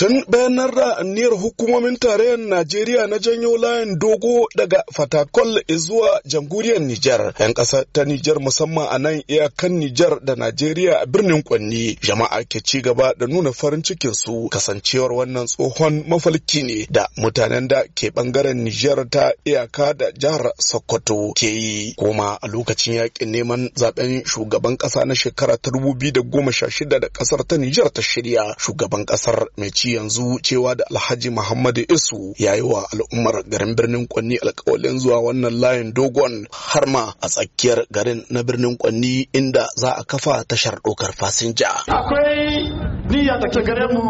Tun bayanan ra'aniyar hukumomin tarayyar Najeriya na janyo layin dogo daga Fatakol zuwa jamhuriyar Nijar, 'yan ƙasa ta Nijar musamman a nan iyakan Nijar da Najeriya a birnin Kwanni, jama'a ke ci gaba da nuna farin cikin su kasancewar wannan tsohon mafalki ne da mutanen da ke bangaren Nijar ta iyaka da jihar Sokoto ke yi. Kuma a lokacin yaƙin neman zaɓen shugaban ƙasa na shekara ta 2016 da ƙasar ta Nijar ta shirya shugaban ƙasar mai shi yanzu cewa da Alhaji Muhammadu Isu ya yi wa al'ummar garin birnin Kwanni alkawalin zuwa wannan layin dogon harma a tsakiyar garin na birnin Kwanni inda za a kafa tashar ɗaukar fasinja. Akwai niyya da ke gare mu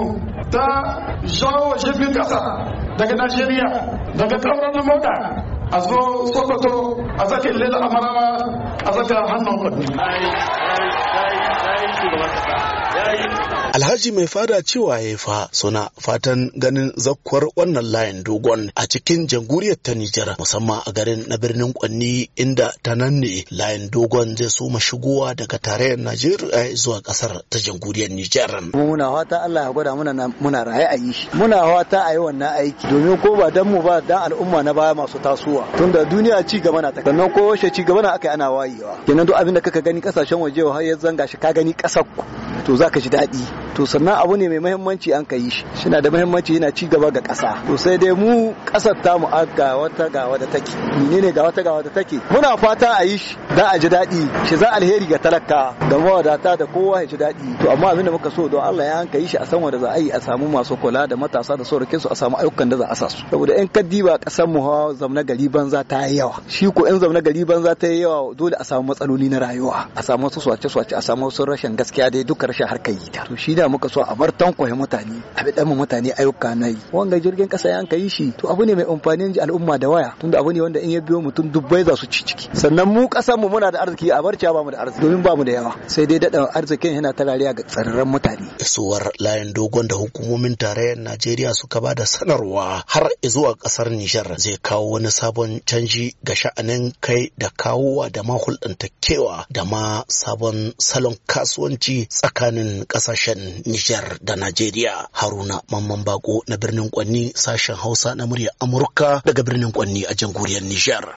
ta zawo jirgin kasa daga Najeriya daga na mota a zo Sokoto a zaka Lela Amarawa a zaka hannun Kwanni. Alhaji mai fada cewa ya fa suna fatan ganin zakkuwar wannan layin dogon a cikin jamhuriyar ta Nijar musamman a garin na birnin Kwanni inda ta nan ne layin dogon zai soma shigowa daga tarayyar Najeriya zuwa kasar ta jamhuriyar Nijar. Muna fata Allah ya gwada muna muna raye a yi shi. Muna fata a yi wannan aiki domin ko ba dan mu ba dan al'umma na baya masu tasowa. Tunda duniya ci gaba na ta sannan ko washe ci gaba na aka ana wayewa. Kenan duk abin da kaka gani kasashen waje har ya zanga shi ka gani kasar ku. to za ka ji daɗi to sannan abu ne mai mahimmanci an ka yi shi na da mahimmanci yana ci gaba ga ƙasa to sai dai mu ƙasar ta mu ga wata ga wata take ni ne ga wata ga wata take muna fata a yi shi da a ji daɗi shi za alheri ga talaka da mawadata da kowa ya ji daɗi to amma abin da muka so don Allah ya an ka yi shi a san wanda za a yi a samu masu kula da matasa da saurakin su a samu ayyukan da za a sa su saboda in kaddiba ƙasar mu zamna gari banza ta yi yawa shi ko in zamna gari banza ta yi yawa dole a samu matsaloli na rayuwa a samu wasu swace swace a samu wasu rashin gaskiya dai duka rashin harkar yi ta to shi da yasa muka so a bar tankwaye mutane a bi dan mutane ayyuka na yi wanga jirgin kasa ka yi shi to abu ne mai amfanin al'umma da waya tunda abu ne wanda in ya biyo mutum dubbai za su ci ciki sannan mu kasan mu muna da arziki a barci ba mu da arziki domin ba mu da yawa sai dai daɗa arzikin yana tarariya ga tsararren mutane isuwar layin dogon da hukumomin tarayyar Najeriya suka ba da sanarwa har zuwa kasar Nijar zai kawo wani sabon canji ga sha'anin kai da kawowa da ma hulɗantakewa da ma sabon salon kasuwanci tsakanin ƙasashen Nijar da Najeriya. Haruna Mamman Bako na birnin Kwanni sashen Hausa na murya Amurka daga birnin Kwanni a jamhuriyar Nijar.